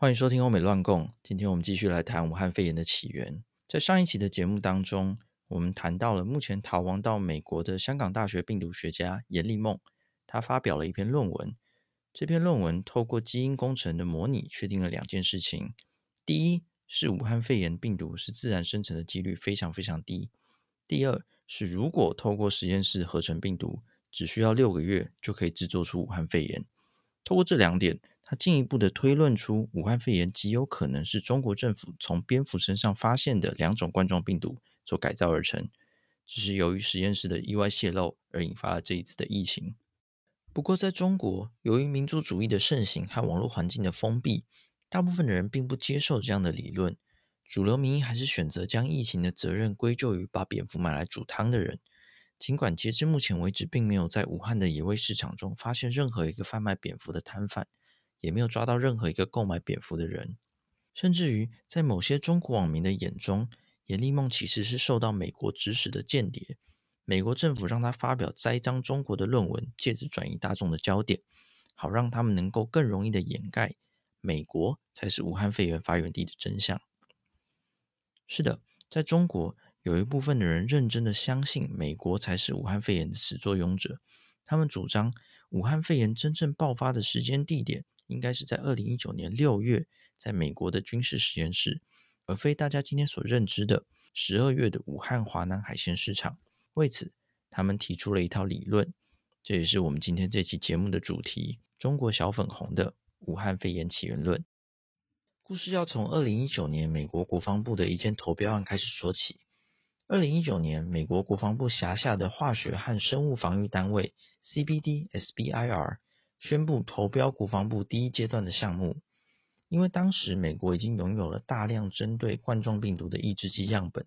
歡迎收聽《歐美亂共》。今天我們繼續來談武漢肺炎的起源。在上一期的節目當中，我們談到了目前逃亡到美國的香港大學病毒學家閻麗夢，他發表了一篇論文。這篇論文透過基因工程的模擬，確定了兩件事情：第一，是武漢肺炎病毒是自然生成的幾率非常非常低；第二，是如果透過實驗室合成病毒，只需要六個月就可以制作出武漢肺炎。透過這兩點。他進一步的推論出，武漢肺炎極有可能是中國政府從蝙蝠身上發現的兩種冠狀病毒所改造而成，只是由於實驗室的意外洩漏而引發了這一次的疫情。不過，在中國，由於民族主義的盛行和網絡環境的封閉，大部分的人並不接受這樣的理論，主流民意還是選擇將疫情的責任歸咎於把蝙蝠買來煮湯的人。儘管截至目前為止，並沒有在武漢的野味市場中發現任何一個販賣蝙蝠的攤販。也沒有抓到任何一個購買蝙蝠的人，甚至於在某些中國網民的眼中，閻麗夢其實是受到美國指使的間諜。美國政府讓他發表栽贓中國的論文，借此轉移大眾的焦點，好讓他們能夠更容易的掩蓋美國才是武漢肺炎發源地的真相。是的，在中國有一部分的人認真的相信美國才是武漢肺炎的始作俑者，他們主張武漢肺炎真正爆發的時間地點，應該是在二零一九年六月，在美國的軍事實驗室，而非大家今天所認知的十二月的武漢華南海鮮市場。為此，他們提出了一套理論，這也是我們今天這期節目的主題——中國小粉紅的武漢肺炎起源論。故事要從二零一九年美國國防部的一件投標案開始說起。二零一九年，美國國防部轄下的化學和生物防御單位 （CBD SBIR）。宣布投標國防部第一階段的項目，因為當時美國已經擁有了大量針對冠狀病毒的抑制劑樣本，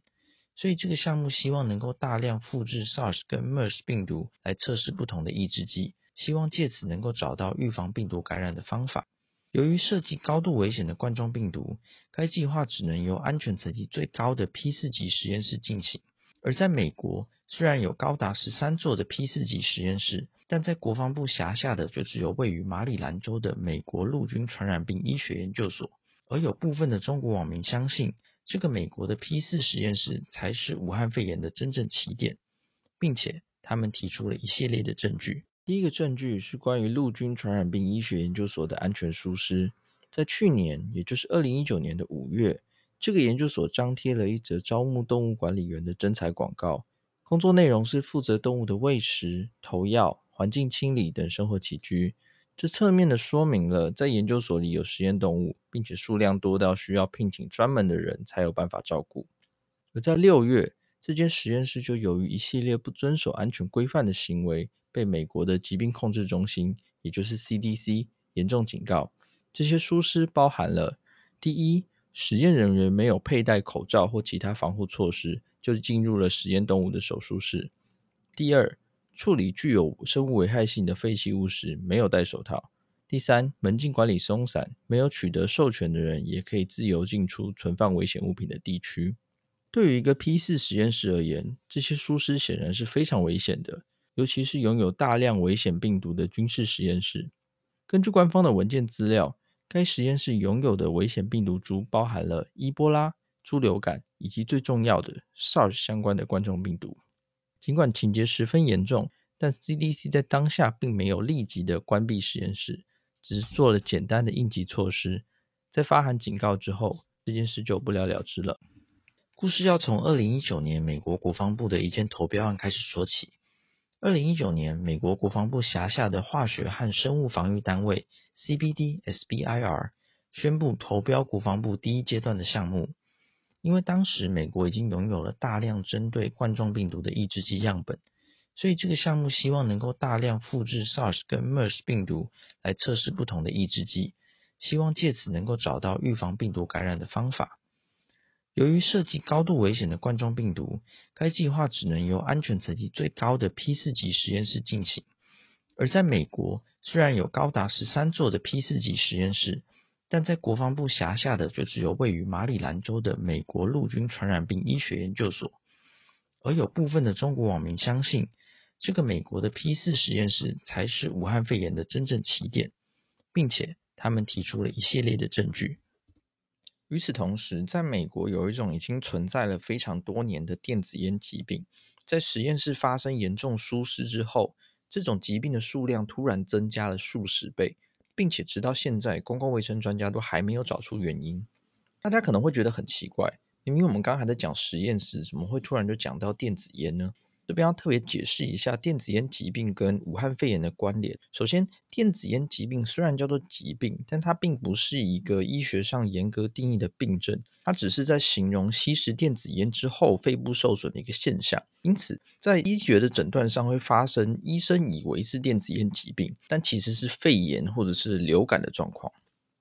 所以這個項目希望能夠大量複制 SARS 跟 MERS 病毒來測試不同的抑制劑，希望借此能夠找到預防病毒感染的方法。由於涉及高度危險的冠狀病毒，該計劃只能由安全層級最高的 P4 級實驗室進行。而在美國，雖然有高達十三座的 P 四級實驗室，但在國防部轄下的就只有位於馬里蘭州的美國陸軍傳染病醫學研究所。而有部分的中國網民相信，這個美國的 P 四實驗室才是武漢肺炎的真正起點，並且他們提出了一系列的證據。第一個證據是關於陸軍傳染病醫學研究所的安全疏失，在去年，也就是二零一九年的五月。這個研究所張貼了一則招募動物管理員的徵才廣告，工作內容是負責動物的餵食、投藥、環境清理等生活起居。這側面的說明了，在研究所裡有實驗動物，並且數量多到需要聘請專門的人才有辦法照顧。而在六月，這間實驗室就由於一系列不遵守安全規範的行為，被美國的疾病控制中心，也就是 CDC，嚴重警告。這些疏失包含了第一，實驗人員沒有佩戴口罩或其他防護措施，就進入了實驗動物的手術室。第二，處理具有生物危害性的廢棄物時沒有戴手套。第三，門禁管理鬆散，沒有取得授權的人也可以自由進出存放危險物品的地區。對於一個 P4 實驗室而言，這些疏失顯然是非常危險的，尤其是擁有大量危險病毒的軍事實驗室。根據官方的文件資料。該實驗室擁有的危險病毒株包含了伊波拉、豬流感以及最重要的 SARS 相關的冠狀病毒。儘管情節十分嚴重，但 CDC 在當下並沒有立即的關閉實驗室，只是做了簡單的應急措施。在發函警告之後，這件事就不了了之了。故事要從二零一九年美國國防部的一件投標案開始說起。二零一九年，美國國防部轄下的化學和生物防御單位 CBDSBIR 宣布投標國防部第一階段的項目。因為當時美國已經擁有了大量針對冠狀病毒的抑制劑樣本，所以這個項目希望能夠大量複制 SARS 跟 MERS 病毒，來測試不同的抑制劑，希望借此能夠找到預防病毒感染的方法。由於涉及高度危險的冠狀病毒，該計劃只能由安全層級最高的 P4 級實驗室進行。而在美國，雖然有高達十三座的 P4 級實驗室，但在國防部轄下的就只有位於馬里蘭州的美國陸軍傳染病醫學研究所。而有部分的中國網民相信，這個美國的 P4 實驗室才是武漢肺炎的真正起點，並且他們提出了一系列的證據。與此同時，在美國有一種已經存在了非常多年的電子菸疾病，在實驗室發生嚴重疏失之後，這種疾病的數量突然增加了數十倍，并且直到現在，公共衛生專家都還沒有找出原因。大家可能會覺得很奇怪，明明我們剛還在講實驗室，怎麼會突然就講到電子菸呢？這邊要特別解釋一下電子菸疾病跟武漢肺炎的關聯。首先，電子菸疾病雖然叫做疾病，但它並不是一個醫學上嚴格定義的病症，它只是在形容吸食電子菸之後肺部受損的一個現象。因此，在醫學的診斷上會發生醫生以為是電子菸疾病，但其實是肺炎或者是流感的狀況。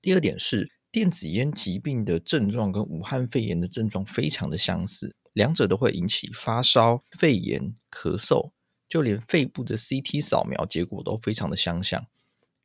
第二點是，電子菸疾病的症狀跟武漢肺炎的症狀非常的相似。兩者都會引起發燒、肺炎、咳嗽，就連肺部的 CT 掃描結果都非常的相像。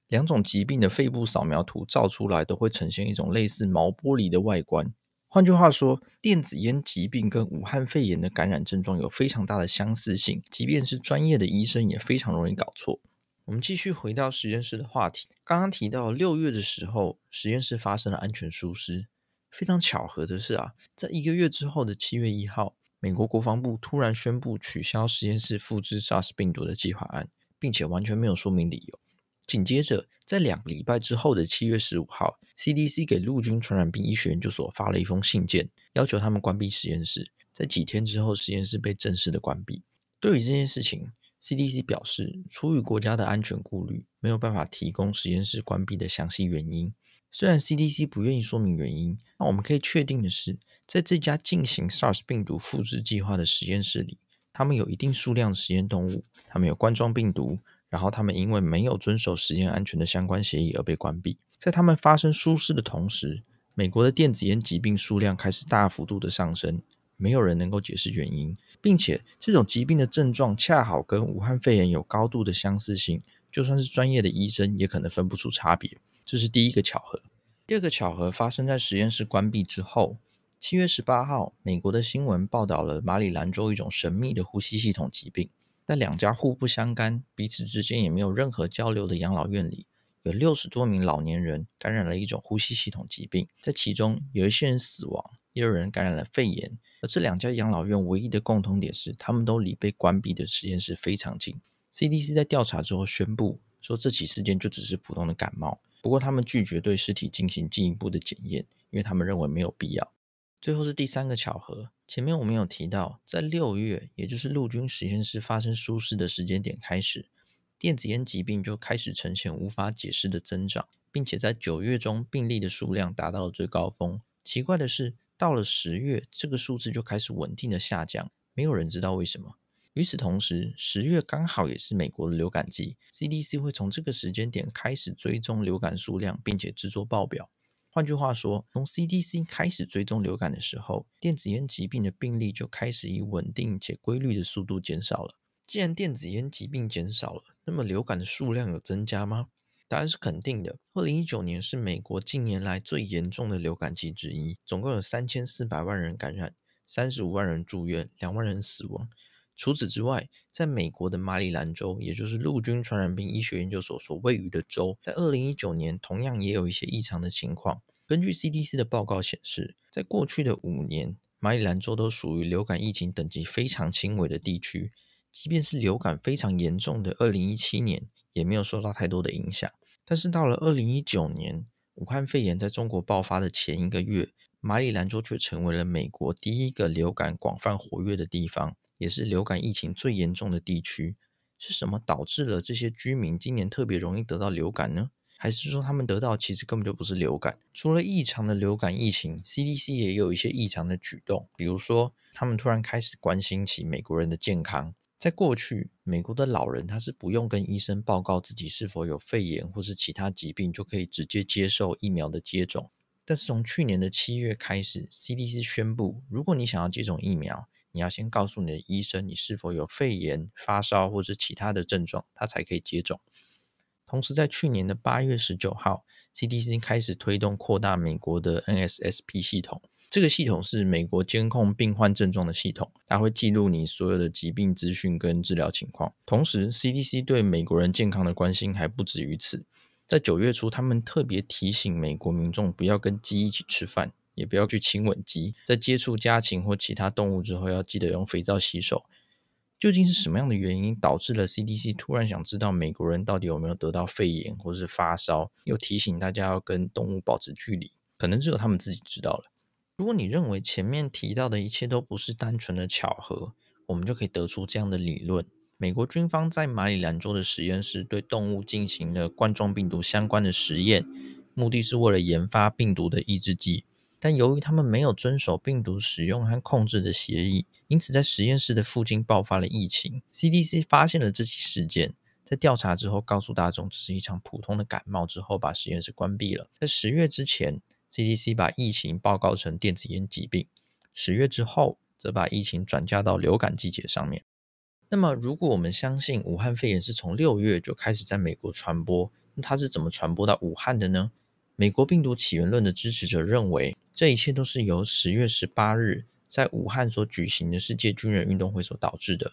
兩種疾病的肺部掃描圖照出來都會呈現一種類似毛玻璃的外觀。換句話說，電子菸疾病跟武漢肺炎的感染症狀有非常大的相似性，即便是專業的醫生也非常容易搞錯。我們繼續回到實驗室的話題，剛剛提到六月的時候，實驗室發生了安全疏失。非常巧合的是啊，在一個月之後的七月一號，美國國防部突然宣布取消實驗室複製 SARS 病毒的計劃案，並且完全沒有說明理由。緊接着，在兩個禮拜之後的七月十五號，CDC 給陸軍傳染病醫學研究所發了一封信件，要求他們關閉實驗室。在幾天之後，實驗室被正式的關閉。對於這件事情，CDC 表示出於國家的安全顧慮，沒有辦法提供實驗室關閉的詳細原因。雖然 CDC 不願意說明原因，那我們可以確定的是，在這家進行 SARS 病毒複製計劃的實驗室裡，他們有一定數量的實驗動物，他們有冠狀病毒，然後他們因為沒有遵守實驗安全的相關協議而被關閉。在他們發生疏失的同時，美國的電子煙疾病數量開始大幅度的上升，沒有人能夠解釋原因，並且這種疾病的症狀恰好跟武漢肺炎有高度的相似性，就算是專業的醫生也可能分不出差別。這是第一個巧合。第二個巧合發生在實驗室關閉之後。七月十八號，美國的新聞報道了馬里蘭州一種神秘的呼吸系統疾病。那兩家互不相干、彼此之間也沒有任何交流的養老院裡，有六十多名老年人感染了一種呼吸系統疾病。在其中，有一些人死亡，也有人感染了肺炎。而這兩家養老院唯一的共同點是，他們都離被關閉的實驗室非常近。CDC 在調查之後宣布說，這起事件就只是普通的感冒。不過，他們拒絕對屍體進行進一步的檢驗，因為他們認為沒有必要。最後是第三個巧合。前面我們有提到，在六月，也就是陸軍實驗室發生疏失的時間點開始，電子菸疾病就開始呈現無法解釋的增長，並且在九月中病例的數量達到了最高峰。奇怪的是，到了十月，這個數字就開始穩定的下降，沒有人知道為什麼。與此同時，十月剛好也是美國的流感季，CDC 會從這個時間點開始追蹤流感數量，並且制作報表。換句話說，從 CDC 開始追蹤流感的時候，電子煙疾病的病例就開始以穩定且規律的速度減少了。既然電子煙疾病減少了，那麼流感的數量有增加嗎？答案是肯定的。二零一九年是美國近年來最嚴重的流感季之一，總共有三千四百萬人感染，三十五萬人住院，兩萬人死亡。除此之外，在美國的馬里蘭州，也就是陸軍傳染病醫學研究所所位於的州，在二零一九年同樣也有一些異常的情況。根據 CDC 的報告顯示，在過去的五年，馬里蘭州都屬於流感疫情等級非常輕微的地區，即便是流感非常嚴重的二零一七年，也沒有受到太多的影響。但是到了二零一九年，武漢肺炎在中國爆發的前一個月，馬里蘭州卻成為了美國第一個流感廣泛活躍的地方。也是流感疫情最嚴重的地區，是什麼導致了這些居民今年特別容易得到流感呢？還是說他們得到其實根本就不是流感？除了異常的流感疫情，CDC 也有一些異常的舉動，比如說他們突然開始關心起美國人的健康。在過去，美國的老人他是不用跟醫生報告自己是否有肺炎或是其他疾病，就可以直接接受疫苗的接種。但是從去年的七月開始，CDC 宣布，如果你想要接種疫苗，你要先告訴你的醫生，你是否有肺炎、發燒或是其他的症狀，他才可以接種。同時，在去年的八月十九號，CDC 開始推動擴大美國的 NSSP 系統。這個系統是美國監控病患症狀的系統，它會記錄你所有的疾病資訊跟治療情況。同時，CDC 對美國人健康的關心還不止於此。在九月初，他們特別提醒美國民眾不要跟雞一起吃飯。也不要去親吻雞，在接觸家禽或其他動物之後，要記得用肥皂洗手。究竟是什麼樣的原因導致了 CDC 突然想知道美國人到底有沒有得到肺炎或是發燒？又提醒大家要跟動物保持距離，可能只有他們自己知道了。如果你認為前面提到的一切都不是單純的巧合，我們就可以得出這樣的理論：美國軍方在馬里蘭州的實驗室對動物進行了冠狀病毒相關的實驗，目的是為了研發病毒的抑制劑。但由於他們沒有遵守病毒使用和控制的協議，因此在實驗室的附近爆發了疫情。CDC 發現了這起事件，在調查之後告訴大眾這是一場普通的感冒，之後把實驗室關閉了。在十月之前，CDC 把疫情報告成電子煙疾病；十月之後，則把疫情轉嫁到流感季節上面。那麼，如果我們相信武漢肺炎是從六月就開始在美國傳播，那它是怎麼傳播到武漢的呢？美國病毒起源論的支持者認為，這一切都是由十月十八日在武漢所舉行的世界軍人運動會所導致的。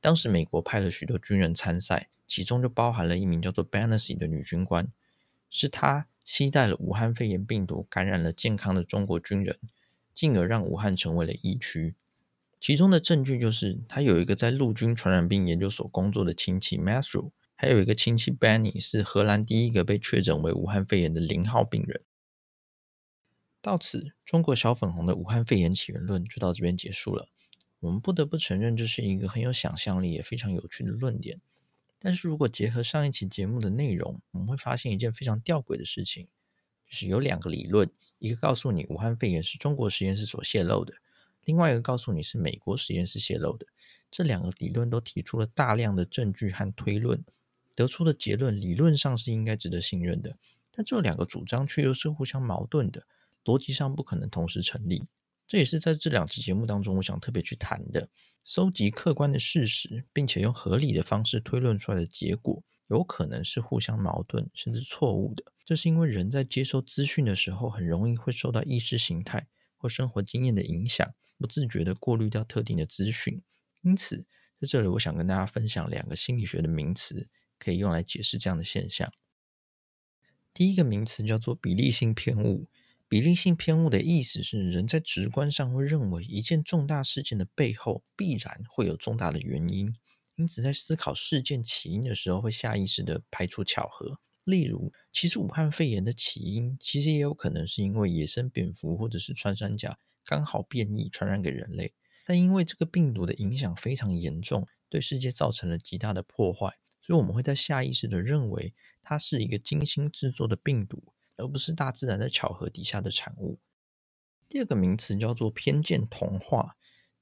當時，美國派了許多軍人參賽，其中就包含了一名叫做 Bannacy 的女軍官，是她攜帶了武漢肺炎病毒感染了健康的中國軍人，進而讓武漢成為了疫區。其中的證據就是，她有一個在陸軍傳染病研究所工作的親戚 Matthew。還有一個親戚 Benny 是荷蘭第一個被確診為武漢肺炎的零號病人。到此，中國小粉紅的武漢肺炎起源論就到這邊結束了。我們不得不承認，這是一個很有想象力也非常有趣的論點。但是如果結合上一期節目的內容，我們會發現一件非常吊詭的事情，就是有兩個理論：一個告訴你武漢肺炎是中國實驗室所泄露的，另外一個告訴你是美國實驗室泄露的。這兩個理論都提出了大量的證據和推論。得出的結論理論上是應該值得信任的，但這兩個主張卻又是互相矛盾的，邏輯上不可能同時成立。這也是在這兩期節目當中，我想特別去談的：蒐集客觀的事實，並且用合理的方式推論出來的結果，有可能是互相矛盾甚至錯誤的。這是因為人在接收資訊的時候，很容易會受到意識形態或生活經驗的影響，不自覺地過濾掉特定的資訊。因此，在這裡我想跟大家分享兩個心理學的名詞。可以用來解釋這樣的現象。第一個名詞叫做比例性偏誤。比例性偏誤的意思是，人在直觀上會認為一件重大事件的背後必然會有重大的原因，因此在思考事件起因的時候，會下意識的排除巧合。例如，其實武漢肺炎的起因，其實也有可能是因為野生蝙蝠或者是穿山甲剛好變異傳染給人類，但因為這個病毒的影響非常嚴重，對世界造成了極大的破壞。所以，我們會在下意識的認為它是一個精心製作的病毒，而不是大自然的巧合底下的產物。第二個名詞叫做偏見同化。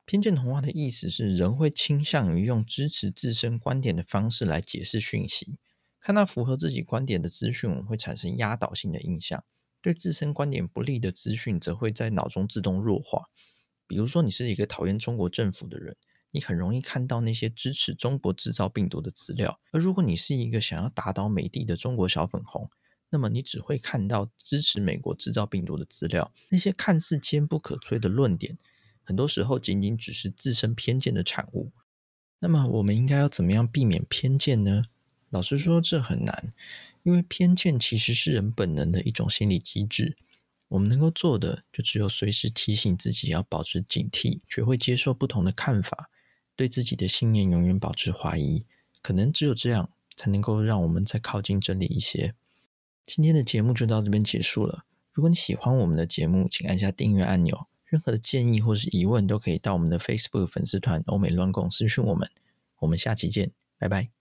偏見同化的意思是，人會傾向於用支持自身觀點的方式來解釋訊息。看到符合自己觀點的資訊，我們會產生壓倒性的印象；對自身觀點不利的資訊，則會在腦中自動弱化。比如說，你是一個討厭中國政府的人。你很容易看到那些支持中國製造病毒的資料，而如果你是一個想要打倒美帝的中國小粉紅，那麼你只會看到支持美國製造病毒的資料。那些看似堅不可摧的論點，很多時候僅僅只是自身偏見的產物。那麼我們應該要怎麼樣避免偏見呢？老實說，這很難，因為偏見其實是人本能的一種心理機制。我們能夠做的，就只有隨時提醒自己要保持警惕，學會接受不同的看法。對自己的信念永遠保持懷疑，可能只有這樣才能夠讓我們再靠近真理一些。今天的節目就到這邊結束了。如果你喜歡我們的節目，請按下訂閱按鈕。任何的建議或是疑問都可以到我們的 Facebook 粉絲團“歐美亂共”私訊我們。我們下期見，拜拜。